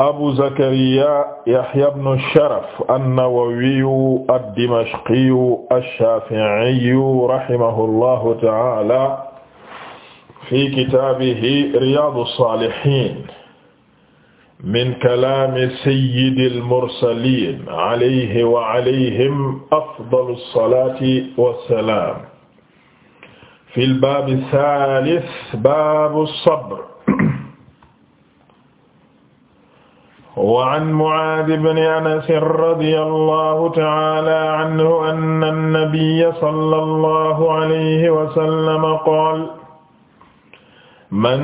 abu zakariya yahya ibnu sharaf annawawiyu addimashqiyu ash-shaafi'iyu rahimahullahu ta'aala fi kitaabihi riyaadu saalihiin min kalaami sayyidil mursaliin alayhi wa alayhim afdalu salaati wa salaam fil baabi saalis baabu sabr wa an Mucaad ibn Anas radiyallahu ta'ala anhu anna an-nabiyya sallallahu alayhi wa sallam qaala man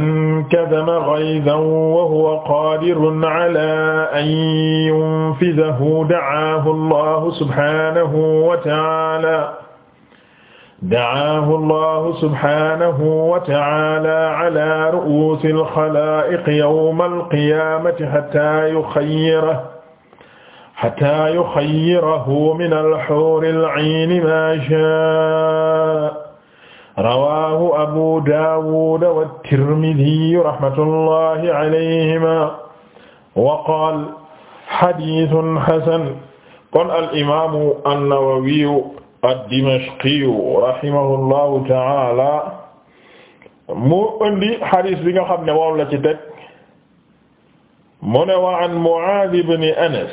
kadhaba ghayzan wa huwa qaadirun ala an yunfidahu da'aahu Allahu subhaanahu wa ta'ala da'aahu Allahu subhaanahu wa ta'aala ala ru'uusi al-xalaa'iq yawma al-qiyaamati hattaa yuxayyirahu hattaa yuxayyirahu mina al-xuuri al-'ayni maa shaa'a rawaahu Abuu Daawuud wat-Tirmidhi rahmatullahi alayhimaa wa qaala hadiisun hasan kon al-imaamu an-Nawawi ad-Dimashqi rahimahullahu ta'ala mu indi hadis bi nga xam ne moom la ci teg mu ne wa an Mu'aaz ibn Anas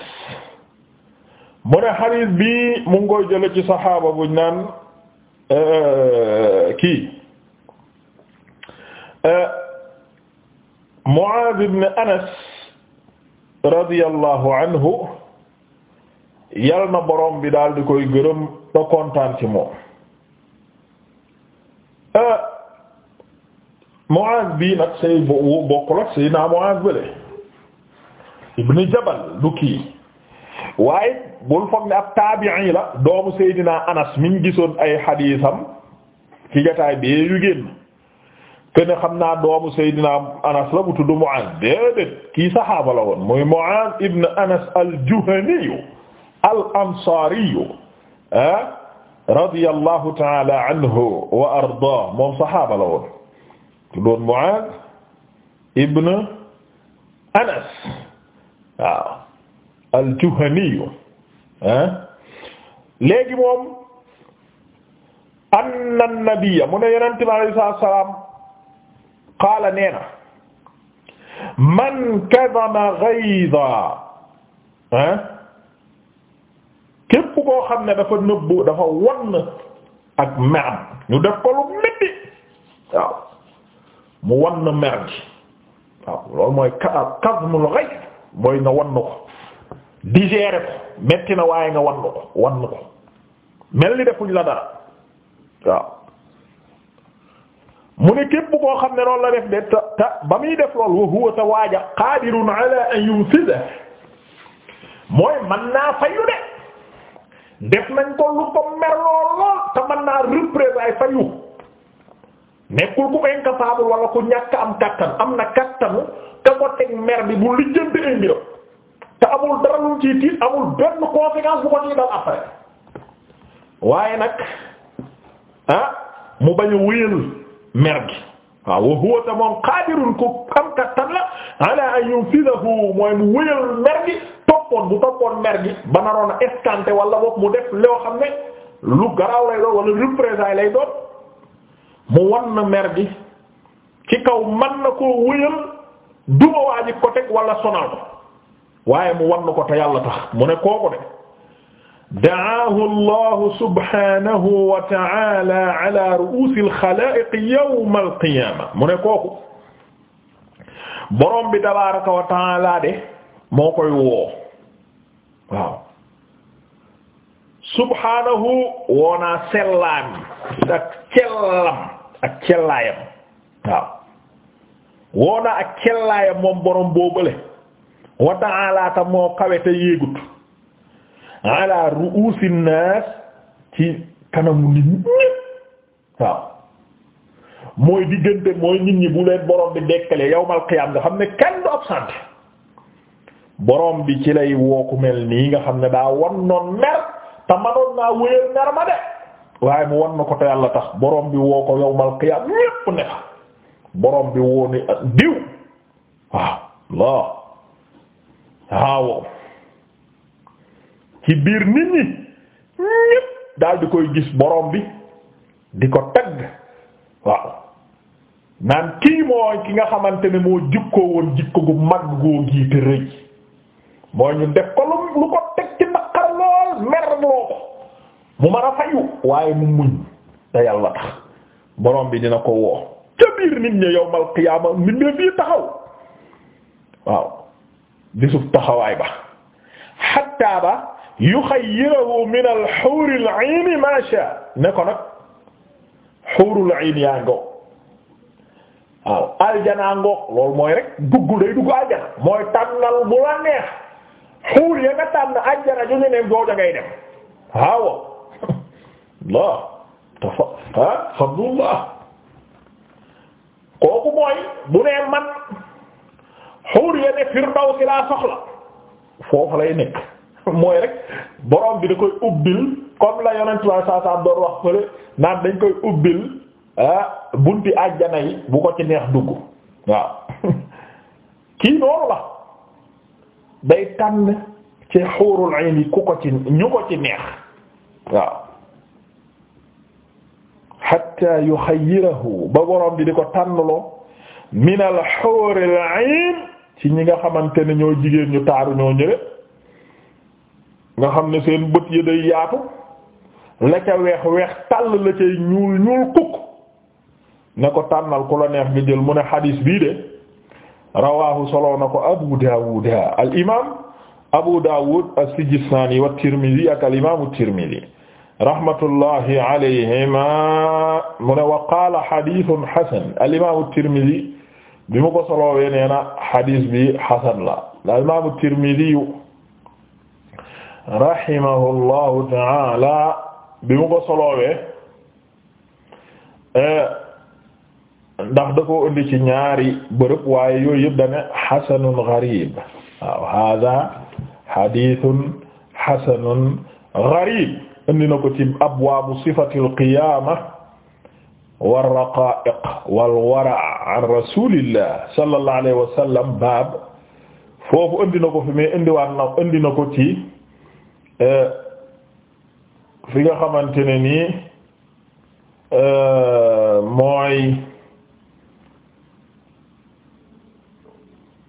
mu ne hadis bi mu ngi koy jële ci saxaaba buñ naan euh, kii euh, Mu'aaz ibn Anas radiyallahu anhu yal na borom bi daal di koy gërëm te kontaan ci moom euh, Muaaz bii nag say bo- bokkul ak say naa Muaaz bële ibn Jabal du kii waaye bul foog ne ab taabi'i la doomu Seydina Anas mi gisoon ay xadiisam ci jotaay bi yu génn kenn xam naa doomu Seydina Anas la bu tudd Muaaz déedéet kii saxaaba la woon mooy Muaaz ibn Anas al-Juhani al ansaariyu ah radiyallahu ta'ala anhu wa ardaa moom saxaaba la woon tuddoon Muaaz ibn Anas waaw al-Juhaniyu ah léegi moom anna nabiyya mu ne Yonent bi alayhi salaam qaala neena man kadama ghayda ah koo xam ne dafa nëbbu dafa won ak meram ñu def ko lu metti waaw mu won mer gi waaw loolu mooy kazmul ghayb mooy nga won ko digéré ko metti na waaye nga won ko won ko mel ni defuñ la dara waaw mu ne képp koo xam ne loolu la def de ta ta ba muy def lool wa huwa ta waaja qadirun ala an yunfidha mooy man naa fayu de def nañ ko lu ko mer lool te mën naa représailles fa yu nekkul ku ko incapable wala ku ñàkk am kattan am na kattanu te ko teg mer bi bu lijjanti ay mbiram te amul dara lu tiit amul benn conséquence bu ko ciy dal après waaye nag ah mu bañ a wéyal mer gi waaw wa toppoon bu toppoon mer ba naroon a escanté wala boog mu def loo xam ne lu garaaw lay doon wala représailles lay doon mu wan na mer gi ci kaw man na koo wëyal duma waa ko teg wala sonal ko waaye mu wan ko te yàlla tax mu ne kooku de da'aahu allahu subhanahu wa ta'ala ala ru'usi al mu ne kooku borom bi tabaaraka wa ta'ala de moo koy woo waaw subhanahu woonaa sellaam ak cellam ak cellaayam waaw woonaa ak cellaayam moom borom boobale wa ta'alaata moo kawete yéegut ala ru'usi naas ci kanamu nit ñépp waaw mooy diggante mooy nit ñi bu leen borom bi dekkale yawmal qiyaam nga xam ne kenn du borom bi ci lay wooku mel nii nga xam ne daa wan noon mer te manoon naa wéyal mer ma de waaye mu wan na ko te yàlla tax borom bi woo ko yowmal qiyaam ñépp ne fa borom bi woo ni diw waaw loo waaw biir nit ñi koy gis borom bi di ko naan kii mooy ki nga xamante ne moo jikkoo woon jikko gu mag goo gii te rëy mooy ñu def ko lu lu ko teg ci naqar lool mer loo mu mën fayu waaye mu muñ te yàlla tax borom bi dina ko woo ca biir nit ñi yowmal qiyaama nit fii taxaw waaw bisub taxawaay ba hatta ba yuxayyirahu min al-huril ayn ma sha ne ko nag hurul ayn yaa ngoo waaw mooy rek dugg day dugg aljana mooy tànnal bu la xuur ya nga tànn ajjana ju ñu ne jooja ngay dem waaw laa dafa ah alhamdulillah kooku mooy bu nee man xuur ya ne firdawsi laa soxla foofu lay nekk mooy rek borom bi da koy ubbil comme la yonent la saa doon wax fële naan dañ koy ubbil ah bunti ajjana yi bu ko ci neex dugg waaw kii noonu la. day tànn ci xuurul ayn yi ku ko ci ñu ko ci neex waaw hatta yuxayyirahu ba borom bi di ko tànnloo min al xuuril ayn ci ñi nga xamante ne ñoo jigéen ñu taaru ñoo ñëre nga xam ne seen bët yi day yaatu la ca weex weex tàll la cay ñuul ñuul kukk ne ko tànnal ku la neex nga jël mu ne xadiis bii de rawaahu solo na ko Abu Dawud al imaam Abu Dawud as-Sijistani wa Tirmidhi ak al imaamu Tirmidhi rahmatullahi alayhima mu ne wa qaala hadithun hasan al imaamu Tirmidhi bi mu ko solowee nee na hadith bi hasan la al imaamu Tirmidhi rahimahullahu ta'ala bi mu ko solowee. Eh, ndax da koo indi ci ñaari bërëb waaye yooyu yëpp dane xasanun garib waaw hada hadithun ko ci abwaabu sifatil qiyaama war raqaa'iq wal wara' an rasulillah sallallahu alayhi foofu indi na ko fi mais indiwaat ci euh, fi nga xamante ne nii euh, mooy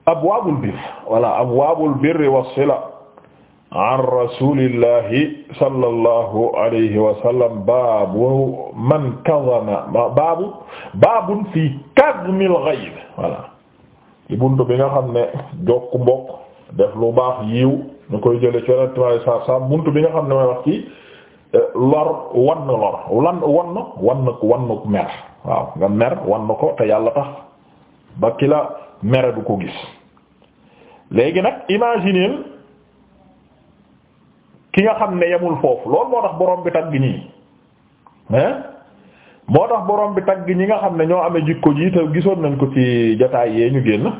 abwaabul birr wala abwaabul birri was-sila an rasuulillahi sallallahu alayhi wa sallam baabu man kazama baabu baabun fi kazmil ghayb wala ci buntu bi nga xam ne jokk mbokk def lu baax yiw ñu koy jële ci Yonent bi saa saa buntu bi nga xam ne may wax ci eh, lor wann lor lan wann wann wann mer waaw nga mer wann ko te yàlla tax ba ki la mere du ko gis léegi nag imagineel ki nga xam ne yemul foofu loolu moo tax borom bi tagg ñii hein moo tax borom bi tagg ñi nga xam ne ñoo amee jikko ji te gisoon nañ ko ci jotaay yee ñu génn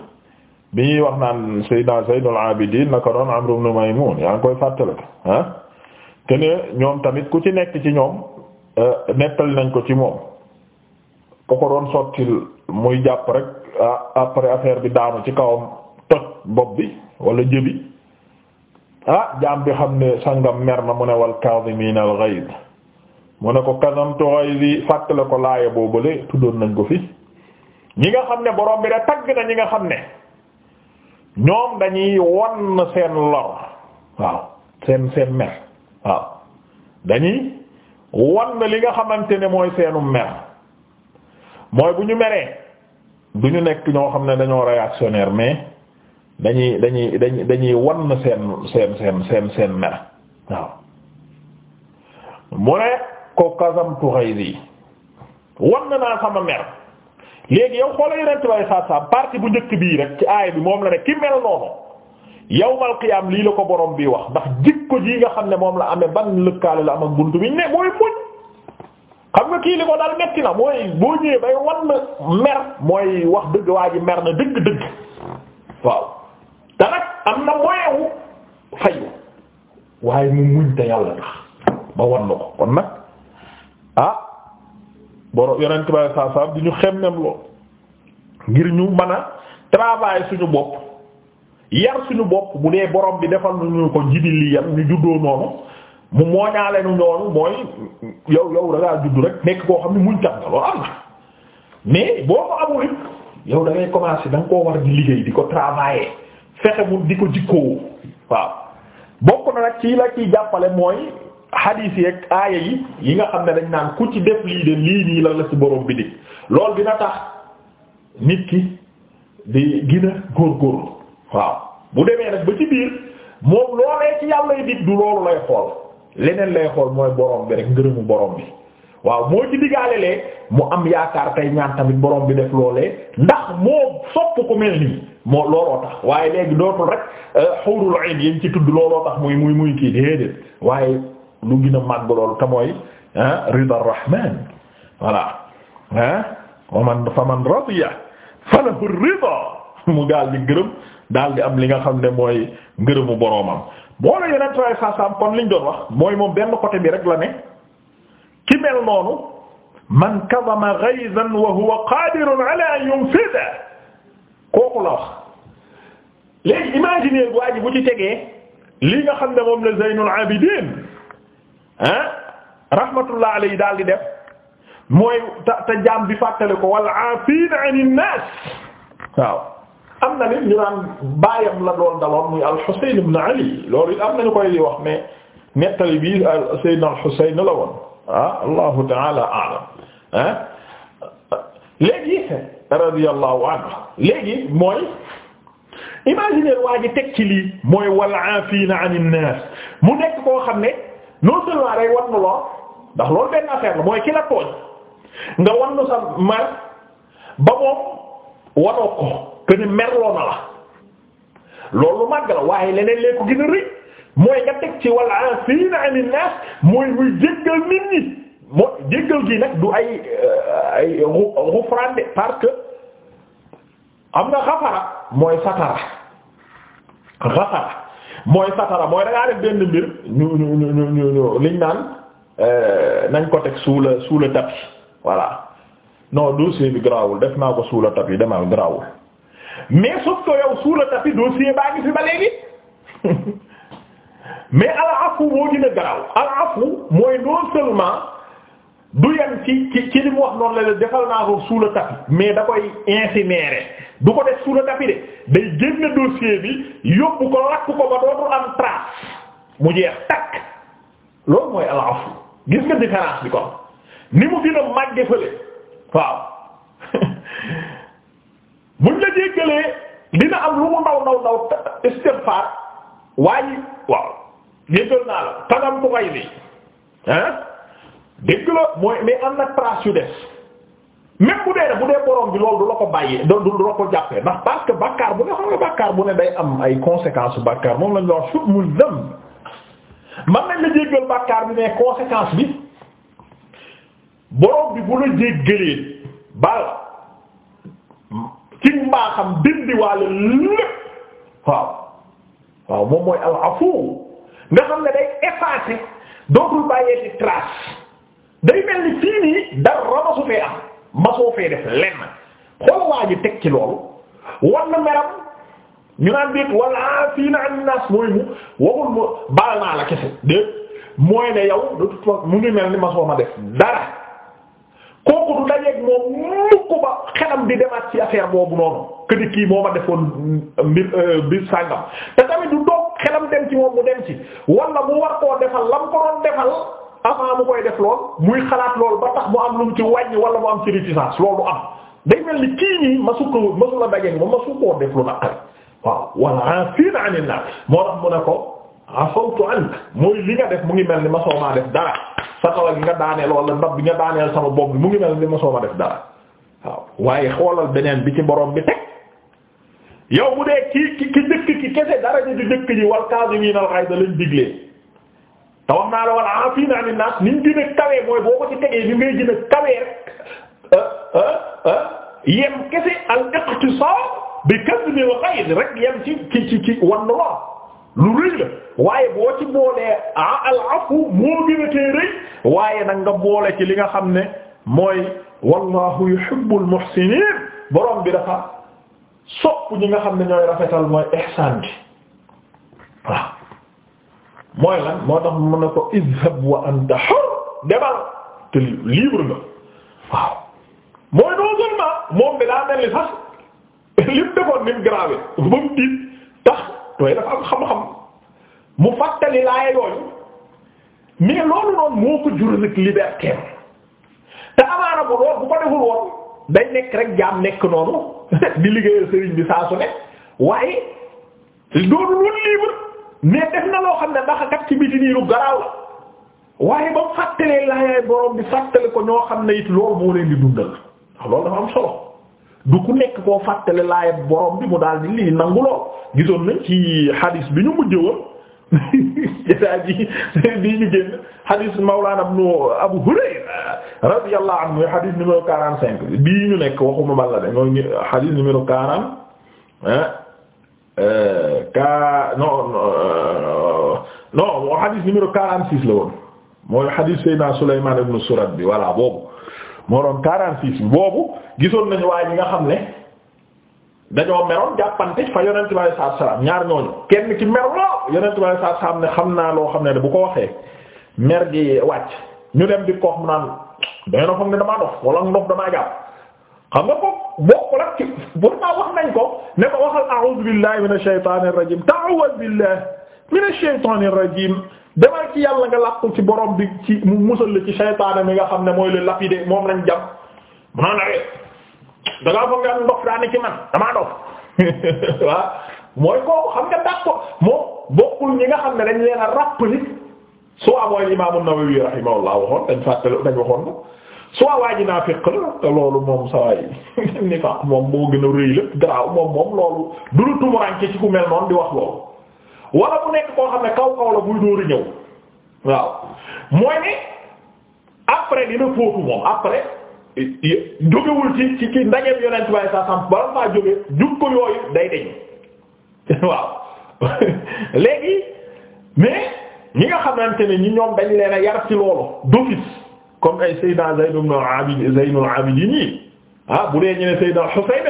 bi ñuy wax naan sayyidna Zaynul Abidin naka doon Amru ibn Maymun yaa ngi koy fàttale ko hein te ne ñoom tamit ku ci nekk ci ñoom euh, nettali nañ ko ci moom ko ko doon sottil muy jàpp rek ah, après affaire bi daanu ci kawam toj bopp bi wala jëbi ah jaam bi xam ne sangam mer na mu ne wal kaazimiina al ghayz mu ne ko kazamtu ghayzi fàttale ko laaya boobule tuddoon nañ ko fi ñi nga xam ne borom bi da tagg na ñi nga xam ne ñoom dañuy won seen lor waaw seen seen mer waaw dañuy won li nga xamante ne mooy seenu mer mooy bu ñu meree du ñu nekk ñoo xam ne dañoo réactionnaire mais dañuy dañuy dañuy dañuy wan seen seen seen seen seen mer waaw mu ne ko kasamtu ghayzi wan naa sama mer léegi yow xoolal yeneen tubaab saa saa partie bu njëkk bii rek ci aay bi moom la ne ki mel noonu yawmal qiyaam lii la ko borom bi wax ndax jikko ji nga xam ne moom la amee ban lëkkaale la am ak buntu bi ne mooy muñ xam nga kii li ko dal metti na mooy boo ñëwee bay wan mer mooy wax dëgg waa ji mer na dëgg-dëgg waaw. te nag am na moyewu fayu waaye mu muñ yàlla tax ba wan la ko kon nag ah boro yonent ba saa saa di ñu xem nem lool ngir ñu mën a travailler suñu bopp yar suñu bopp bu dee borom bi defal nañu ko jibi li yam ñu juddoo noonu mu mooñaale nu noonu mooy yow yow da ngaa rek nekk koo xam ne muñ tax nga loolu am na mais boo ko amul yow da commencer da koo war di liggéey di ko travailler fexe mu di ko jikkoowu waaw bokk na nag ci la ciy jàppale mooy xadiis yi ak aaya yi yi nga xam ne dañ naan ku ci def lii de lii nii la la ci borom bi dig loolu dina tax nit ki di gën a góorgóorlu waaw bu demee nag ba ci biir moom loolee ci yàlla lay dig du loolu lay xool leneen lay xool mooy borom bi rek ngërëmu borom bi waaw moo ci digaalelee mu am yaakaar tey ñaan tamit borom bi def loolee ndax moo sopp ku mel nii moo looloo tax waaye léegi dootul rek euh, ci tudd looloo tax muy muy muy kii déedéet waaye lu gën a màgg loolu te mooy ah rida rahman voilà ah wa man fa man radiya falahu rida mu daal di gërëm daal di am li nga xam ne mooy ngërëmu boroomam boo la yeneen kon liñ doon wax mooy moom benn côté bi rek la ne ki mel noonu man kadama ghayzan wa huwa qadirun ala an yunfida kooku la wax léegi imaginer waa bu ci tegee li nga xam ne moom la Zaynul Abidin ah rahmatullah alayhi daal di def mooy ta bi fàttale ko wal aafina anin naas am na nit ñu naan baayam la doon daloon muy al-Husayn koy wax mais nettali bi euh, Sayyidna al-Husayn la ah, ta'ala a'lam ah radiyallahu anhu léegi mooy imaginer waa ji teg ci lii mooy wal aafina anin naas mu nekk koo xam ne non seulement day loo ndax loolu benn mooy ki la tooñ nga wan sa mar ba moom wanoo ko que merloo na la loolu màgg la waaye leneen lee ko gën a rëy mooy nga teg ci wal aafina anin naas mooy muy jéggal nit ñi. moo jéggal gi nag du ay euh, ay xufraan de parce am nga xafara mooy satara xafara mooy satara mooy da def benn mbir ñu ñu ñu ñu ñu liñ naan euh, nañ ko teg sous le sous le tapis voilà bi grawul def naa ko sous le tapis demal grawul mais sauf que yow sous le tapis baa ngi fi ba léegi mais al moo gën a graw al mooy non seulement. du yem ci ci ci li mu wax noonu la defal naa ko sous le tapis mais da koy incinéré du ko def sous le de day génn dossier bi yóbbu ko lakk ko ba dootul am trace mu jeex takk loolu mooy alafu gis nga différence bi kon ni mu gën a màgge fële waaw buñ la jéggalee dina am lu ndaw ndaw ndaw istighfar waaye waaw jéggal naa la tanam ko fay bi ah dégg la mooy mais am na trace yu des même dee ne bu dee borom bi loolu du la ko bàyyee du du la ko jàppee ndax parce bàkkaar bu nga xam ne day am ay conséquences bàkkaar moom lañ la wax suuf muy dem man nañ la jéggal bàkkaar bi mais conséquence bi borom bi bu la jéggalee baal ci mbaaxam dindiwaale lépp waaw waaw moom mooy al afu nga xam ne day effacer dootul bàyyee ci trace. day mel ni fii nii dara masu fee am masoo fee def lenn xool waa ji teg ci loolu war na meram ñu naan déet wala fii na naas mooy mu waxul mu baal naa la kese déet mooy ne yow de mu ngi mel ni masoo ma def dara kooku du dajeeg moom mukk ba xelam di demaat ci affaire boobu noonu que ni kii moo ma defoon mbir euh, sàngam te tamit du doog xelam dem ci moom mu dem ci wala mu war koo defal lam ko doon defal. avant mu koy def lool muy xalaat lool ba tax mu am lu mu ci wàññi wala mu am ci réticence loolu am day mel ni kii nii masu ko masu la daje moom masu koo def lu naqari waaw wala afina anin na moo tax mu ne ko afawtu ank mooy li nga def mu ngi mel ni masoo maa def dara sa kaw gi nga daaneel wala ndab bi nga daaneel sama bopp mu ngi mel ni masoo ma def dara waaw waaye xoolal beneen bi ci borom bi teg yow bu dee ki ki ki ki te wax naa la wala afiina anin naas ni ñu gën mooy boo ko ci tegee ni ngay gën a euh, euh, euh, yem kese al iqtisaad bi kasb wa qayd rek yem ci ci ci ci lu rëy waaye boo ci boolee ah al afu moo gën a waaye nag boole ci li nga xam ne mooy wallahu yuhibbul muhsinin borom bi dafa sopp ñi nga xam ne ñooy rafetal mooy ihsaan bi waaw. mooy lan moo tax a na ko izhab wa anta hur demal te libre nga waaw mooy non seulement moom bi daa mel sax lim defoon nim grave ba mu tiit tax tooy dafa am xam-xam mu fàttali laaya yooyu mais loolu noonu moo ko jural ak liberté te amaana bu lool bu ko deful woon day nekk rek jaam nekk noonu di liggéeyal sëriñ bi saa su ne waaye doonul woon libre mais def na loo xam ne ndax kat ci biti nii la waaye ba fàttalee laayaay borom bi fàttale ko ñoo xam ne it loolu moo leen di dundal ndax loolu dafa am solo du ku nekk koo fàttale laayay borom bi mu daal di lii nangu lool gisoon nañ ci hadis bi ñu mujj woon jëdaa ji bii ñu génn hadis Mawlana ibnu Abu Hurayra radiyallahu anhu mooy quarante cinq bi ñu nekk waxuma balla de mooy hadis numéro quarante ka euh, non non moo euh, xadis numéro quarante six la woon mooy xadis Seydina Sulaymaan ibn Surad bi voilà boobu moo doon quarante six boobu gisoon nañu waaye ñi nga xam ne dañoo meroon jàppante fa yonent bi alayhi ñaar ñooñu kenn ci mer loo yonent bi alayhi ne xam naa loo xam ne bu ko waxee mer gi wàcc ñu dem di koox na foog ne damaa dox wala ndox damaa jàpp xam nga ko bokkul ak bu maa wax nañ ko ne ko waxal a'uuzu billahi minash shaytaanir rajiim ta'awwaz billahi minash shaytaanir rajiim demal ci yàlla nga làqu ci borom bi ci mu musal la ci shaytaan mi nga xam ne mooy le lapide moom lañ jàpp maanaam da ngaa foog nga ndox daa ne ci man damaa dof waaw mooy kooku xam nga ko moom bokkul ñi nga xam ne dañ leen a rappali soo amoon Imaam An-Nawawi rahimahullah waxoon dañ fàttali dañ waxoon soit waa ji naafiq la te loolu moom sawaay nifaaq moom moo gën a rëy la garaaw moom moom loolu du lu tumuranke ci ku mel noonu di wax loolu wala bu nekk koo xam ne kaw kaw la buy dóori ñëw waaw mooy ne après dina foofu moom après jógewul ci ci ci ndajeem yonent baay sa samp bala maa jóge jukko yooyu day deñ waaw léegi mais ñi nga xamante ne ñi ñoom dañ leen a yar ci loolu d'office comme ay Seydina Zayd ibn Abid Zaynul Abidin yi ah bu dee ñu ne Seydina Husayn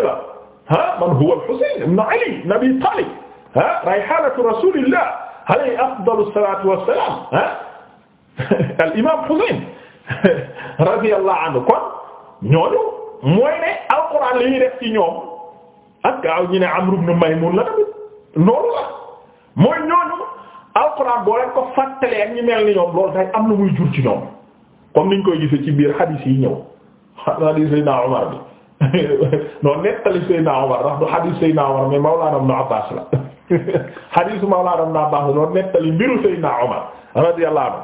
man huwa al-Husayn Ali ibn Talib ah rayhanatu rasulillah alayhi afdalu salatu wassalam ah al-imam Husayn radiyallahu anhu kon ñooñu mooy ne alquran li ñuy def ci ñoom ak gaaw ñu ne Amr ibn Maymun la tamit noonu la mooy ñooñu ko fàttalee ak ñu mel ni ñoom loolu day am lu muy jur comme niñ koy gisee ci biir hadith yi ñëw hadith Seydina Omar bi non nettali Seydina Omar ndax du hadith Seydina Omar mais Mawlana Ibn Abbas la hadith Mawlana Ibn Abbas la noonu nettali mbiru Seydina Omar radiyallahu anhu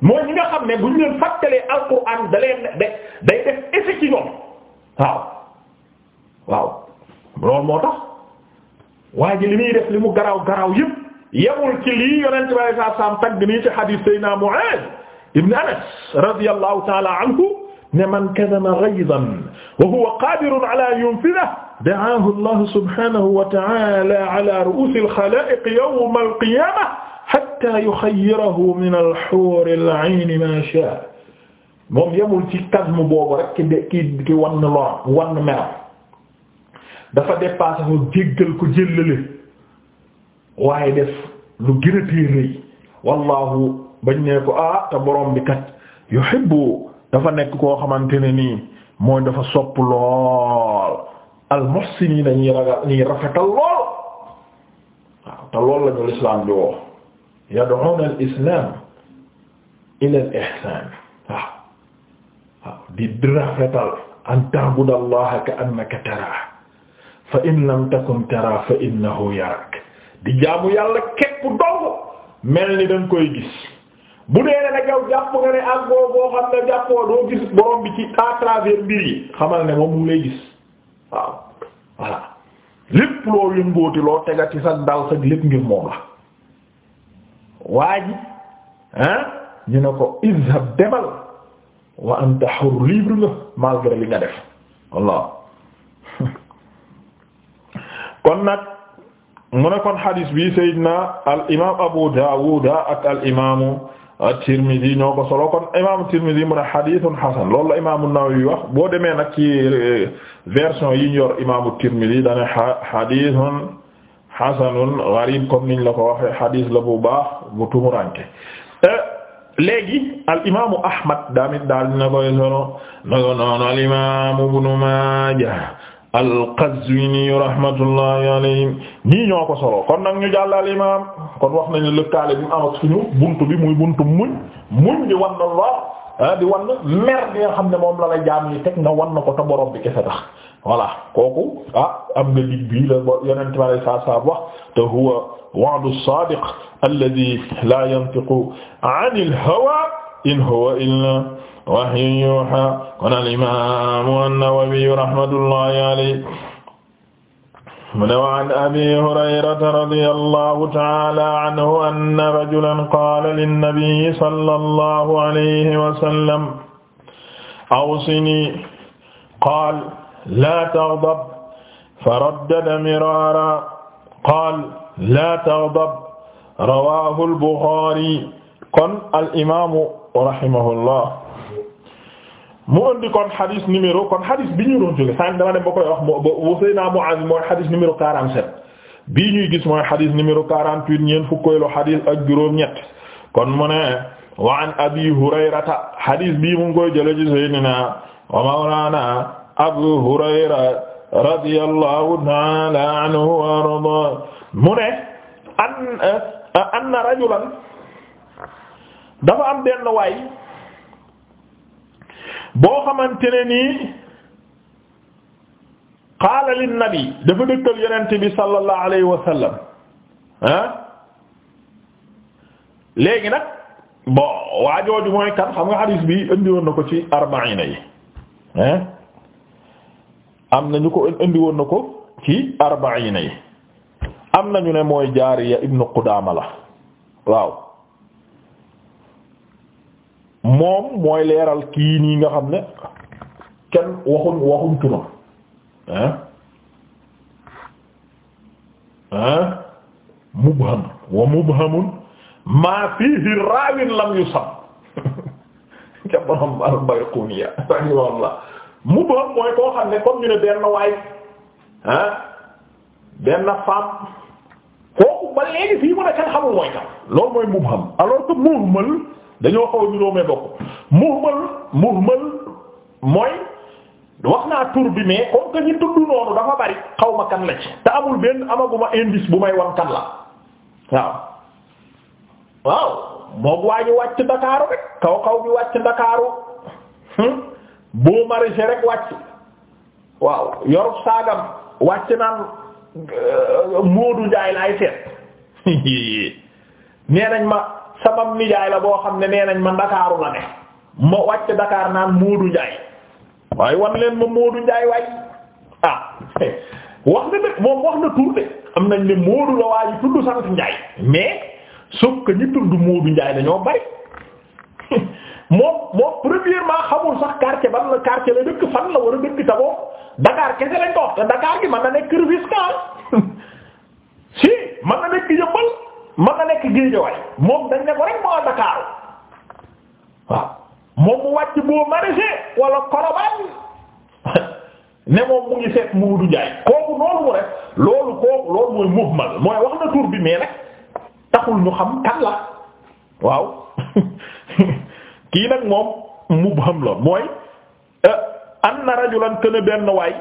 mooy ñi nga xam ne bu leen fàttalee alquran da leen day def effet ci ñoom waaw waaw loolu moo tax waa ji li muy def li mu garaw garaaw yépp yemul ci lii yonent bi sallallahu alayhi tagg nii ci hadith Seydina Mu'adh ibn Anas radiyallahu ta'ala anhu ne man kadhaba ghayzan wa huwa qadirun ala yunfidhihi da'ahu Allah subhanahu wa ta'ala ala ru'usi al-khala'iq yawma al-qiyamah hatta yukhayyirahu min al-hur al-'ayn ma sha'a moom yemul ci kàddu boobu rek ki ki ki wan lor wan meram dafa dépassé ko jéggal ko jëllale waaye def lu gën a téye wallahu bañ nee ko ah te borom bi kat yuhibbu dafa nekk koo xamante ne nii mooy dafa sopp lool al muhsiniina ñuy ragal ñuy rafetal lool waaw te lool lañu lislaam bi woo yad'una al ila al ihsan di rafetal an ta'buda allaha ka annaka taraah fa in lam takun taraah fa innahu yarak di jaamu yàlla képp dong mel ni danga koy gis bu dee nag yow jàpp nga ne ak boo xam ne jàppoo doo gis borom ci à travers mbir ne moom ngi lay gis waaw voilà lépp loo yëngooti loo tegati sax dal sax lépp ngir moom la waa ji ñu ne ko izhab demal wa anta hur libre nga malgré li nga def wallah kon nag mu ne kon hadis bi sayyidina al imam Abu Dawud ak al imaamu at-Tirmidhi ñoo ko solo kon imaamu at-Tirmidhi mu ne hadithun hasan loolu la imaamu an-Nawawi wax boo demee nag ci euh, version yi ñu yor imaamu at-Tirmidhi dana hadithun hasanun gharib comme niñ la ko waxee hadith la bu baax bu tumuranke euh, léegi al imaamu Ahmad damit daal dina koy solo na ko noonu al imaamu Ibnu Maaja al-Qazwini rahmatullahi alayhi ñii ñoo ko solo kon nag ñu jàllal imaam kon wax nañu lëkkaale bi a am ak suñu buntu bi muy buntu muñ muñ di wan na ah, di wan mer bi nga xam ne moom la la jaam yi teg nga wan na ko te borom bi kese tax voilà kooku ah am nga dig bii la yonent ma lay saa saa wax huwa wa'du as-sadiq alladhi la yantiqu 'ani al in huwa wahyun yuha kon al-imam an-Nawawi rahmatullahi alayhi mu ne wa an abi hurayrata radiyallahu ta'ala anhu anna rajulan qala linnabiy sallallahu alayhi wa sallam awsini qala la taghdab faraddada miraran qala la taghdab rawahu al-Bukhari kon al-imam rahimahullah mu indi kon xadis numéro kon xadis bi ñu doon jóge sànq dama dem ba koy wax moo ba Seydina Muaz mooy xadis numéro 47 bii ñuy gis mooy xadis numéro 48 ñeent fukkoylu xadis ak juróom-ñett kon mu ne wa an Hurayrata xadis bii mu ngi koy Abu Hurayra mu ne anna rajulan dafa am benn waay boo xamante ne nii qaala lin nabi dafa dëkkal yonent bi sallallahu alayhi wa sallam ah léegi nag bon waajoo di mooy kan xam nga hadis bi indiwoon na ko ci arbaina yi ah am na ñu ko indiwoon na ko ci arbaina yi am na ñu ne mooy jaariya ibnu Qudaama la waaw. moom mooy leeral kii nii nga xam ne kenn waxuñ waxuñ turam ah ah mubham wa mubhamun maa fiihi raawin lam yusam ca borom al-Bayquniya rahimahullah mubham mooy koo xam ne comme ñu ne benn waay ah benn femme kooku ba léegi fii mën a kenn xamul mooy tam loolu mooy mubham alors que muhmal dañoo xaw a ñu doomee bokk muhmal mooy wax naa tur bi mais comme que ñu tudd noonu dafa bari xaw ma kan la ci te amul benn amaguma indice bu may wan kan la waaw waaw moom waa ñu wàcc ndakaaru rek kaw kaw bi wàcc ndakaaru boo maraîcher rek wàcc waaw yorub saagam wàcc naan euh, Moodu Njaay laay seet nee nañ ma sama nijaay la boo xam ne nee nañ ma dakaaru la ne ma wàcc Dakar naan Moodu Njaay waaye wan leen ma Moodu Njaay waay ah. wax na de moom wax na tur de am nañ ne Moodu la waaye tudd sant Njaay mais sauf que ñi tudd Moodu Njaay dañoo bari moo moom premièrement xamul sax quartier ba la quartier la dëkk fan la war a dëkk ta boobu Dakar kese lañ ko te Dakar gi mën na nekk Rufisque ah. si mën na nekk Yeumbeul ma nga nekk géejawaay moom dañ ne ko rek ma nga waaw moom mu wàcc boo maraîcher wala Colobane ne moom mu ngi seet Muudu Njaay kooku noonu mu rek loolu kooku loolu mooy muhmal mooy wax na tur bi mais nag taxul ñu xam kan la waaw kii nag moom mubham la mooy eh, na rajulan kana benn waay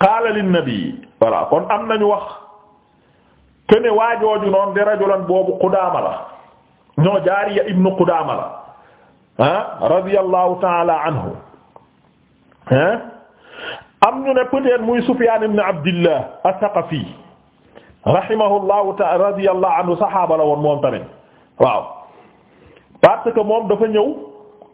qaala linnabi voilà kon am nañu wax kene waajooju noonu de rajulan boobu Qudaama la Jaariya ibnu Qudaama la ah taala anhu ah am ñu ne peut muy Sufyaan ibn Abdillah as-Saqafi rahimahullahu taala anhu saxaaba woon moom tamit waaw parce que moom dafa ñëw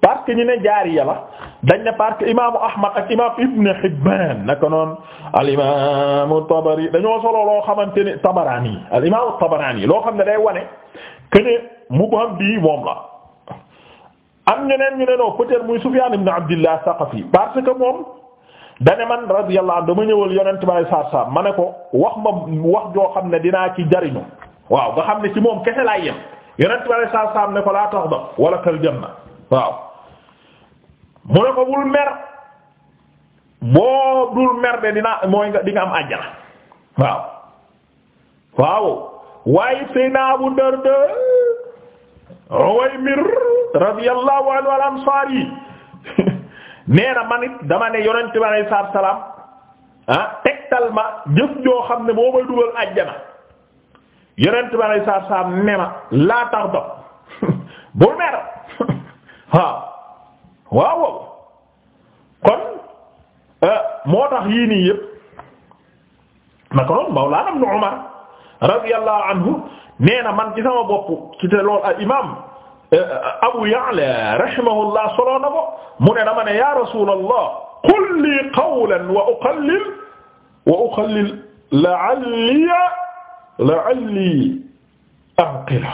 parce que ñu ne Jaariya la dañ ne parce que imaamu Ahmad ak imaam Ibn Hibbaan naka noonu al imaamu Tabari dañoo solo loo xamante ne Tabaraani al imaamu Tabaraani loo xam ne day wane que ne mubham bii moom la. am ñeneen ñu ne non peut-être muy Sufyaan ibn Abdillah Saqafi parce que moom dane man radiyallahu anhu dama ñëwal yonent ba ay saabsaab ma ne ko wax ma wax joo xam ne dinaa ci jariñu waaw nga xam ne ci moom kese laay yem yonent ba ay ne ko laa tax wala kal janna waaw. mu ne ko bul mer boo dul mer de dina mooy nga di am àjjana waaw waaw waaye Seydina Abu Darda Uwaymir radiyallahu anhu al ansari nee na man it dama ne yonent bi alayhi salaatu salaam tegtal ma jëf joo xam ne moo may dugal àjjana yonent bi alayhi salaatu salaam ne ma laa tax dox bul mer waaw waaw kon euh, moo tax yii nii yëpp naka noonu Mawlana Ibn Umar radiyallahu anhu nee na man ci sama bopp ci te lool al imaam euh, Abu Ya'la rahimahullah solo na ko mu ne dama ne ya rasulallah qul li qawlan wa uqallil wa uqallil la'alli la'alli anqila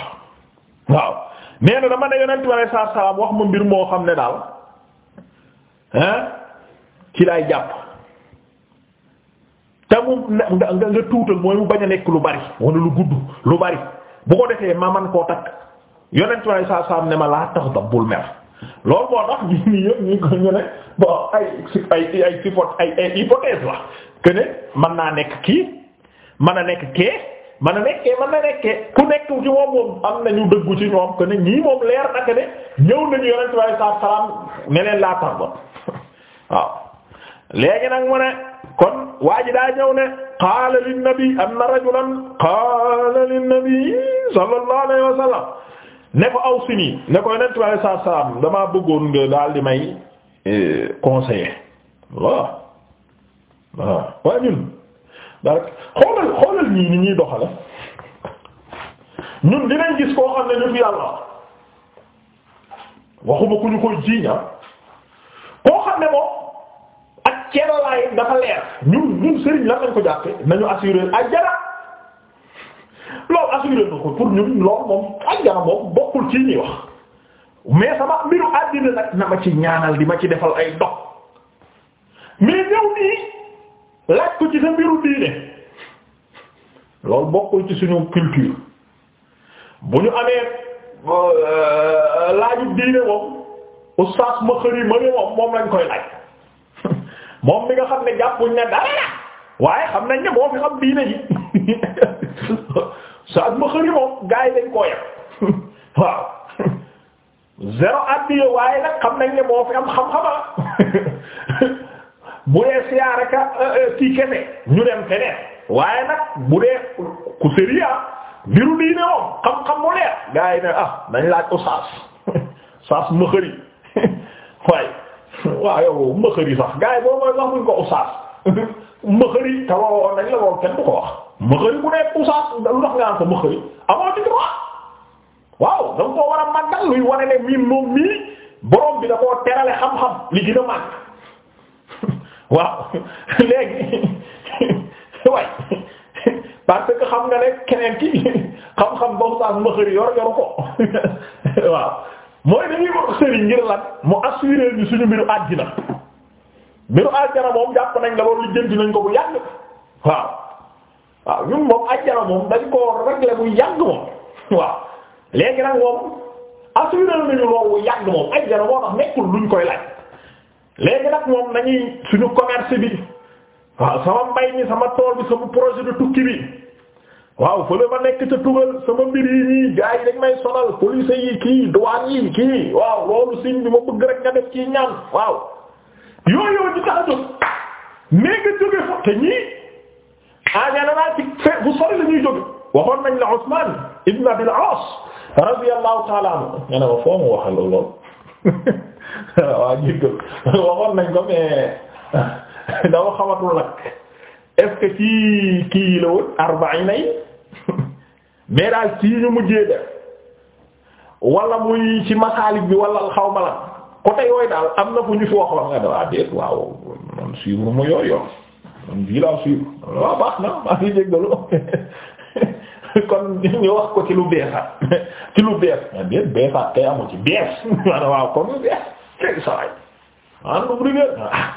waaw nee na dama ne yonent bi sallallahu alayhi wasallam wax ma mbir moo xam ne daal. ah ci laay jàpp te mu nga nga tuutal mooy mu bañ a nekk lu bari wala lu gudd lu bari bu ko defee ma man koo takk yonent saa saa ne ma laa tax dab bul mer loolu moo tax ñu ni yëpp ko ñu ne bon ay ay ay ay hypothèse la que ne naa nekk kii mën a nekk kee. man a nekkee man na nekkee ku nekk ci moom moom am na ñu dëggu ci ñoom que ne ñii moom leer naka ne ñëw nañu yonent bi alayhi salaatu salaam ne leen laa tax ba waaw léegi nag mu ne kon waa ji daa ñëw ne qaala linnabi anna rajulan qaala linnabi sallallahu alayhi wa sallam ne ko awsini ne ko yonent bi alayhi salaatu salaam damaa bëggoon nga daal di may eh, conseiller waaw waaw waaye ñun dara xoolal xoolal ñii ni ñuy doxale ñun dinañ gis koo xam ne ñun yàlla waxuma ku ñu koy jiiña ah. koo xam ne moom ak ceebalaay dafa leer ñun ñun sëriñ lan lañ ko jàppe nañu assurer ajjana loolu assurer na ko pour ñun loolu moom ajjana moom bokkul ci ñi wax mais sama mbiru àddina nag na ma ci ñaanal di ma ci defal ay dox mais ñëw nii laaj ko ci sa mbiru diine loolu bokkul ci suñu culture bu ñu amee euh, euh, laajut diine moom oustaz ma xëri ma ne moom lañ koy laaj moom mi nga xam ne jàppuñ ne dara la waaye xam nañ ne moo fi xam diine ji oustaz ma xëri moom gars dañ koo yem waaw zéro at waaye nag xam nañ ne moo fi am xam-xama bu dee ka euh, euh, kii kese ñu dem feneen waaye nag bu dee ku sériya biru diine moom xam-xam mu leer gaa yi ne ah dañ laaj ko saas saas mëxëri waaye waaw yow mëxëri sax gaa yi boo mooy wax buñ ko usaas mëxëri te wawoon nañ la woon kenn du ko wax mëxëri bu nekk usaas lu tax nga ko mëxëri amoo ci droit waaw danga koo war a màggal luy wane ne miin moom mii borom bi da koo terale xam-xam li gën a waaw léegi way parce que xam nga ne keneen ki xam-xam ba saas ma xëri yor yoru ko waaw mooy dañuy war sëriñ ngir lan mu assuré ñu suñu mbiru àddina mbiru àjjana moom jàpp nañ la loolu lijjanti nañ ko bu yàgg waaw waaw ñun moom àjjana moom dañ ko régler bu yàgg moom waaw léegi nag moom assuré nañu loolu bu moom àjjana moo tax nekkul luñ koy laaj léegi nag moom nañuy suñu commerce bi waaw sama mbay mi sama tool bi sama projet de tukki bi waaw fële ma nekk ca tugal sama mbir yi nii gars yi may sonal police yi kii douane yi waaw loolu siñ bi ma bëgg rek nga def ci ñaan waaw yooyu di tax a jóg mais te ñii ah en général ci fe bu sori la ñuy jóge waxoon nañ la Usman ibn Abil As radiyallahu ta'ala anhu nga ne ma foo mu waxal loolu waaw jéggal waxoon nañ ko mais dafa xamatul nag est-ce que ci kii la woon arbaina yi daal ci ñu mujjee def wala muy ci masaalik bi wala xaw ma la côté daal am na fu ñu fi waxoon nga dafa déet waaw man suivre mu yooyu man bii laa suivre waaw baax na maa ngi jéggalu kon ñu wax ko ci lu beesaat ci lu bees déet beesaat kay amu ci bees waaw kon bees teg saa yi maanaam lu mu ah,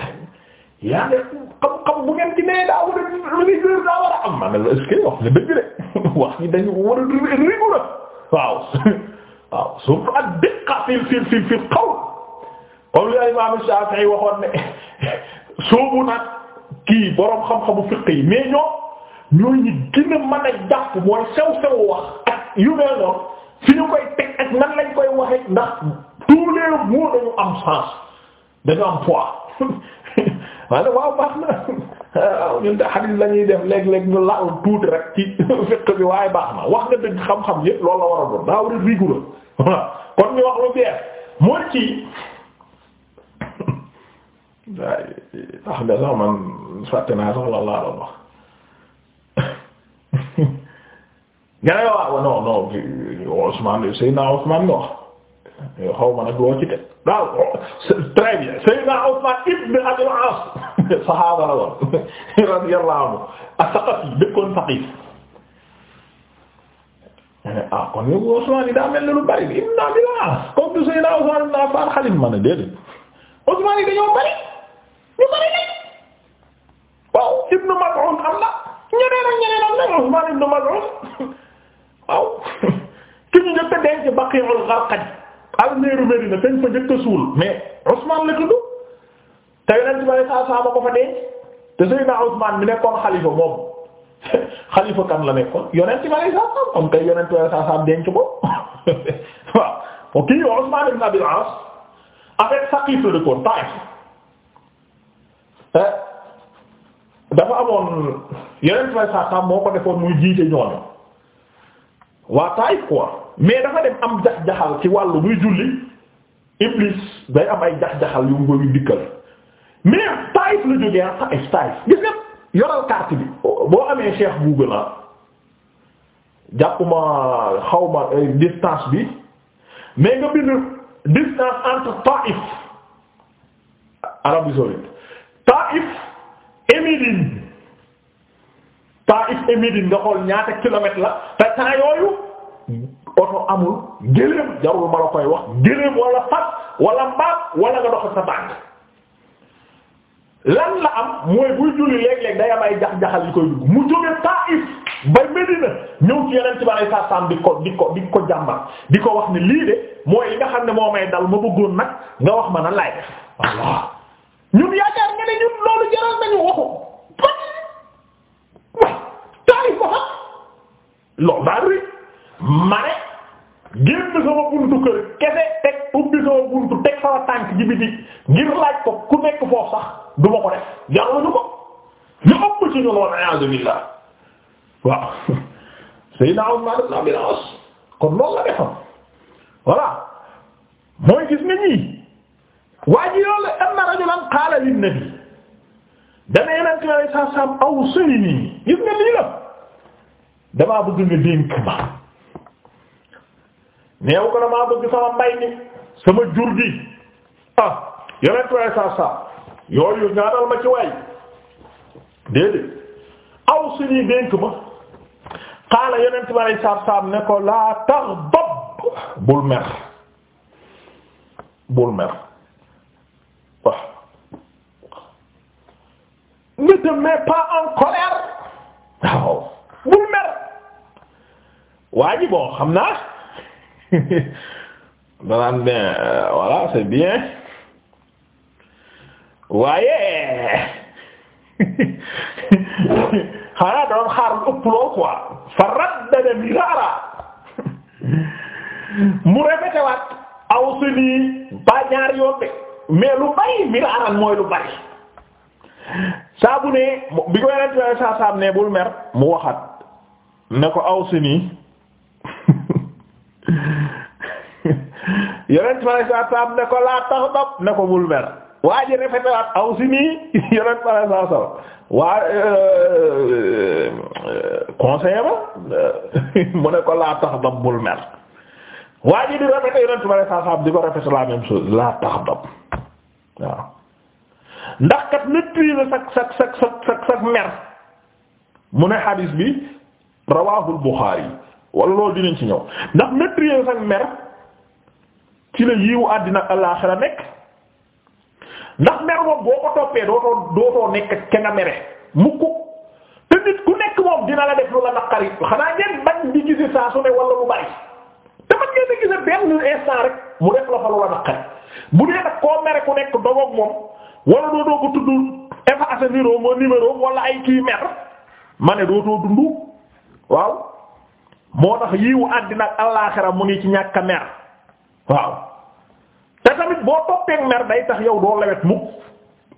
yaa ne xam-xam bu ngeen ci nee daa war a rigueur daa war a am maanaam est wax nga dëgg de wax ni dañu war a rigoureux waaw waaw waxoon ne nag kii boroom xam-xamu fiqh yi mais ñoo ñooñu ñu gën a mën a jàpp sew sew wax ak yu mel noonu fi ñu koy teg ak nan lañ koy waxee ndax. tous les mots dañu am sens de xadis la léeg-léeg bi waaye baax na wax nga dëgg xam-xam yépp loolu la war a doon daa war a rigoureux kon ñu wax lu bees mooy ci waaye naa sax la yow xaw ma nag loo ci teg waaw très bien Seydina Usman ibn Abi al-As saxaaba la woon radiyallahu anhu as-Saqafi dëkkoon Saqif ah kon yow Usman yi daa mel ne lu bari bi ibn Abi al-As comme du Seydina Usman ibn Affan xalim ma ne déedéet Usman yi dañoo bari ñu bari lañ waaw Ibn Mas'ud am na ñeneen ak ñeneen am na Usman ibn Mas'ud waaw ki ñu njëkk a denc Baqi'ul Gharqad almeeru Medina dañ fa njëkk a suul mais Ousmane la tudd te Yonent bi saa saa ma ko fa denc te Seydina Ousmane mi nekkoon xalifa moom xalifa kan la nekkoon Yonent bi saa saa am kay Yonent bi saa saa denc ko waaw avec Saqif la dëkkoon Taif eh? dafa amoon Yonent bi saa saa moo ko defoon muy jiite ñooñu waa Taif quoi. mais dafa dem am jax-jaxal ci wàllu buy julli iblis day am ay jax-jaxal yu ngoyu dikkal mais Taïf la jógee ah Taïf Taïf gis nga yoral carte bi boo amee cheikh Google ah jàppuma xawma eh, distance bi mais nga bind distance entre Taïf Arabie saoudite Taïf et Médine Taïf nga xool ñaata kilomètres la te temps yooyu oto amul géléem jarul ma la koy wax géléem wala fas wala mbaam wala nga dox sa tànk lan la am mooy buy julli léeg-léeg day am ay jax-jaxal yi koy dugg mu jóge Taif ba Medina ñëw ci yeneen ci ba ay saasaam di ko di ko di ko jàmbar di ko wax ne lii de mooy li nga xam ne moo may dal ma bëggoon nag nga wax ma na laay def waaw yaakaar nga ne ñun loolu jaral nañu waxu Taif wax loolu daal ma ne génn sama buntu kër kese teg ubbi sama buntu teg sama tànk ji biti ngir laaj ko ku nekk foofu du ma ko def jaruñu ko ñu ëpp ci ñu lool a'uuzu billah waaw Seydina Usmaan ibn Abi Aas kon loolu la defam voilà mooy gis nga ñii waa ji loolu anna rajulan qaala lin-nabi dana yeneen ci la saa saam awsini gis nga lii la damaa bëgg nga dénk ma neew ko damaa bëgg sama mbay mi sama jur gi ah, yonent waaye saa saa yooyu ñaanal ma ci waay déedéet aw si nii dénk ma xaala yonent waaye saa saa ne ko laa tax bopp bul mer bul mer ne te en colère waaw bul mer waa ji danaan bien euh, voilà c'est bien waaye xanaa doon xaar lu ëpp lool quoi fa raddada miraara mu répété waat aw si ba ñaari yoon de mais lu bari miraaran mooy lu bari saabu ne bi ko yeneen saa saam ne bul mer mu waxat ne ko aw si yonent ma ne saa saam ne ko laa tax dab ne ko bul mer waa ji rafetalaat aw si nii yonent ma ne saa saam waa euh, euh, conseiller ba mu ne ko laa tax dab bul mer waa ji di rafetal yonent ma saa saam di ko rafetal la même chose laa tax dab waaw ndax kat maîtriser sak sak sak sak sak mer mu ne hadis bi rawaahul Buxaari wala loolu dinañ ci ñëw ndax maîtriser sak mer ci la yiwu àddina ak alaaxira nekk ndax mer moom boo ko toppee dootoo dootoo nekk kenn a mere mukk te nit ku nekk moom dina la def lu la naqari xanaa ngeen bañ di gisi saa su ne wala lu bari te man ngeen di gise benn instant rek mu def la fa lu la naqari bu dee nag koo mere ku nekk dogoog moom wala dootoo ko tudd effacer numéro moo numéro wala ay kii mer ma dootoo dund waaw moo tax yiwu àddina ak alaaxira mu ngi ci ñàkk mer waaw te tamit boo toppee mer day tax yow doo lewet mukk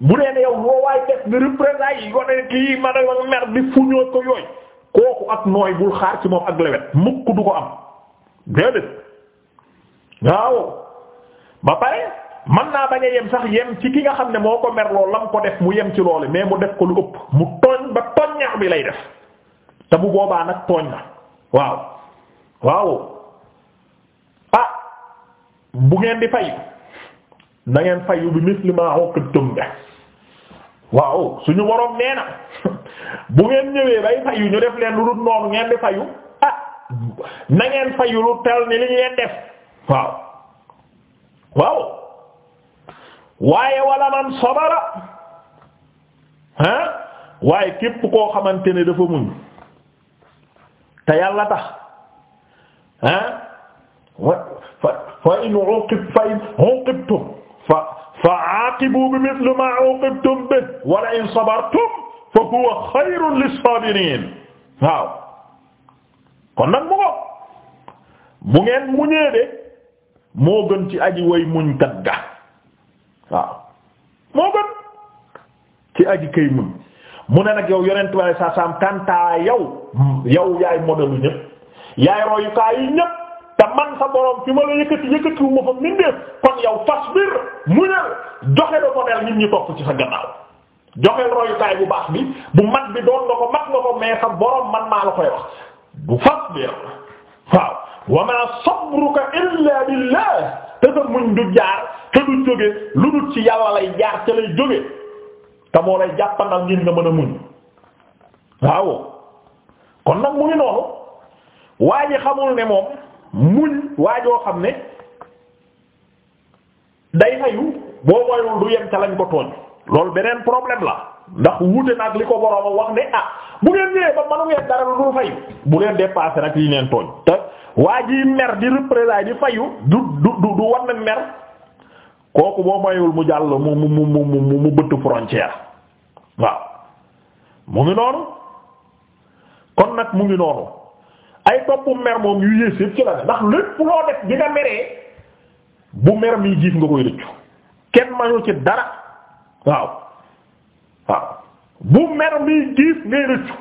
bu dee ne yow loo waay def nga représailles yi kii man a mer di fuñoo ko yooyu kooku ak nooy bul xaar ci moom ak lewet mukk du ko am déedéet waaw ba pare man naa bañ a yem sax yem ci ki nga xam ne moo ko mer lool lam ko def mu yem ci loole mais mu def ko lu ëpp mu tooñ ba tooñ ñax bi lay def te bu boobaa nag tooñ na waaw waaw bu ngeen di fay nangeen ngeen fayu bi misli ma uqidtum be waaw suñu boroom nee na bu ngeen ñëwee bay yu ñu def leen lu dul noonu ngeen di fayu ah na ngeen fayu lu tel ni li ñu leen def waaw waaw waaye wala man sabara ah waaye képp koo xamante ne dafa muñ te yàlla tax ah fa in uqib fa in uqibtum fa fa aqibu bi mithli ma uqibtum bi wala in sabartum fa huwa xayrun lis-saabiriin waaw kon nag mu ngo bu ngeen muñee de moo gën ci aji way muñkat ga waaw moo gën ci aji kay mu ne nag yow yonent bi sallallahu alayhi wasallam kantaa yow yow yaay modelu te man sa borom fi ma la yëkkati yëkkati wu ma fa mbindeef kon yow fasbir muñal joxe do modèle nit ñi topp ci sa gannaaw joxe royukaay bu baax bi bu mat bi doon nga ko mat nga ko mais sa borom man maa la koy wax bu fasbir waaw wa ma sabruka illa billah te sa muñ du jaar te du jóge lu dul ci yàlla lay jaar te lay jóge te moo lay jàppandal ngir nga mën a muñ waaw kon nag mu ngi noonu waa xamul ne moom muñ waajoo xam ne day xayu boo moyul du yem ca lañ ko tooñ loolu beneen problème la ndax wuute nag li ko boroom wax ne ah bu ngeen ñëwee ba manu ngeen dara lu dul fayu bu leen dépassé nag li neen tooñ te waa ji mer di représailles di fayu du du du war na mer kooku boo moyul mu jàll mu mu mu mu mu bëtt frontière waaw mu ngi noonu kon nag mu ngi noonu ay toppu mer moom yu yées yëpp ci la ne ndax lépp loo def dina meree bu mer mi jiif nga koy rëccu kenn mañu ci dara waaw waaw bu mer mi jiif ngay rëccu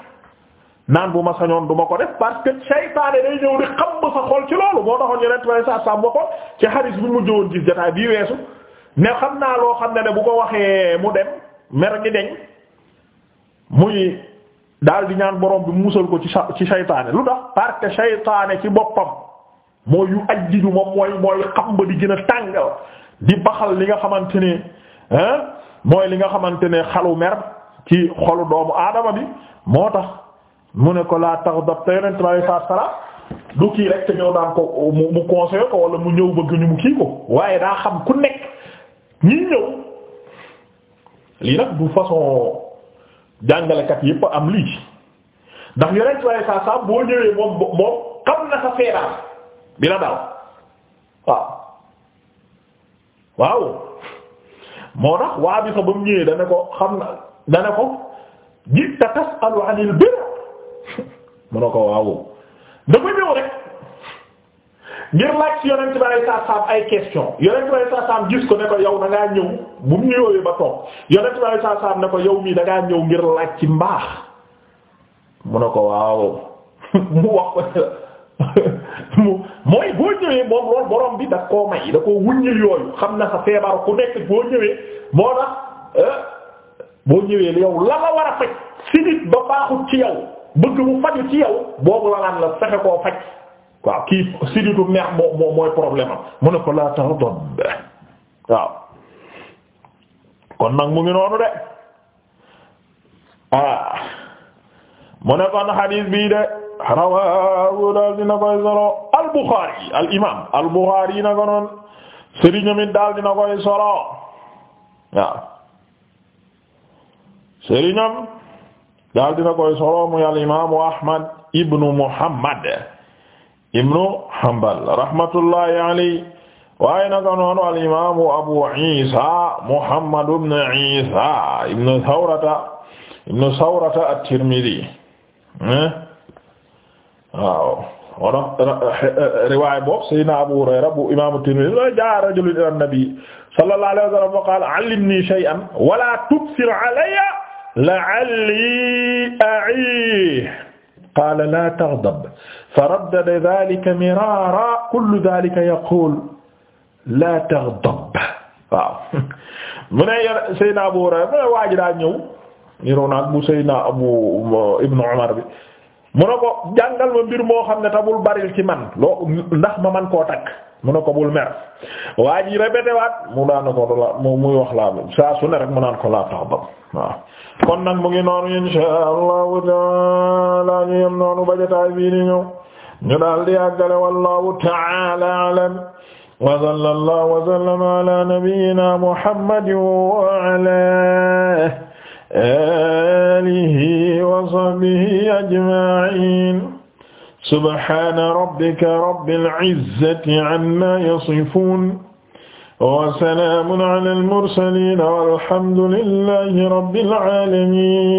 naan bu ma sañoon du ma ko def parce que saytaane day ñëw di xam ci loolu moo taxoon yeneen ko ci xaris bi mu jëwoon gis xam naa loo xam ne ne bu ko waxee mu dem mer ngi deñ muy. daal di ñaan borom bi musal ko ci ci saytaane lu tax parce saytaane ci boppam mooy yu ajjiju moom mooy mooy xam ba di gën a tàngal di baxal li nga xamante ni mooy li nga xamante ne xalu mer ci xolu doomu aadama bi moo tax mu ne ko laa taxdab te yonent bi alei du kii rek ñëw daan ko mu conseillé ko wala mu ñëw bëgg ñu mu kii ko waaye daa xam ku nekk ñi ñëw lii nag du façon jàngalekat yépp am lii ndax yeneen ci waaye saa saa boo ñëwee moom moom xam na sa feeraar bi la daal waaw waaw moo tax waa bi sa ba mu ñëwee dana ko xam na dana ko jitta tasalu anil bir mu ne ko waaw dafa ñëw rek ngir laaj ci yonent bi ay saasaam ay question yonent bi ay saasaam gis ko ne ko yow da ngaa ñëw bu mu ñëwee ba toog yonent bi ay saasaam ne ko yow mii da ngaa ñëw ngir laaj ci mbaax mu ne ko waaw mu wax ko mu mooy boo ñëwee moom loolu borom bi da koo may da koo wuññil yooyu xam na sa feebar ku nekk boo ñëwee moo tax euh, boo ñëwee yow la la war a faj si nit ba baaxut ci yow bëgg mu faju ci yow boobu la naan la fexe koo faj. waaw kii siditu neex moo mooy problème am mu ne ko laa tardab kon nag mu ngi noonu de ah mu ne kon xadiis bii de rawahu daal dina koy solo al Buxaari al imaam al Buxaari na ko noon sëriñam daal dina koy solo solo muy al imaamu Ahmad ibnu Muhammad ibnu Hanbal rahmatullahi alayhi waaye naka noonu al imaamu abu Isa Muhammad ibn Isa ibnu Sawrata ibnu Sawrata at-Tirmidhi eh? waaw wala riwaay boobu Sayyidina Abu Hurayra bu imaamu Tirmidhi la jaa rajulun ila an-nabi sallallahu alayhi wa sallam fa qaala allimni shay'an wa laa tubsir alayya la'allii a'iih qaala laa taghdab fa raddada dhaalika miraaran kullu dhaalika yaquulu laa taghdab waaw mu ne Seydina Abu Hurayra mu ne waa ji daa ñëw niroo naag bu Seydina Abu Ibn Umar bi mu ne ko jàngal ma mbir moo xam ne tabul baril ci man loo ndax ma man koo takk mu ne ko bul mer waa ji répété waat mu daan ko la mu muy wax laa saa su ne rek mu naan ko laa taghdab waaw kon nag mu ngi noonu inshaa allahu taala ñu yem noonu bajataay bii ni ñëw ñu daal di àggale wallahu taala alam wa sallallahu wa sallama ala nabiyyina muhammadin wa ala alihi wa sahbihi ajma'in subhana rabbika rabbil izzati amma yasifun wa salaamun ala al-mursaliin walhamdu lillahi rabbil aalamiin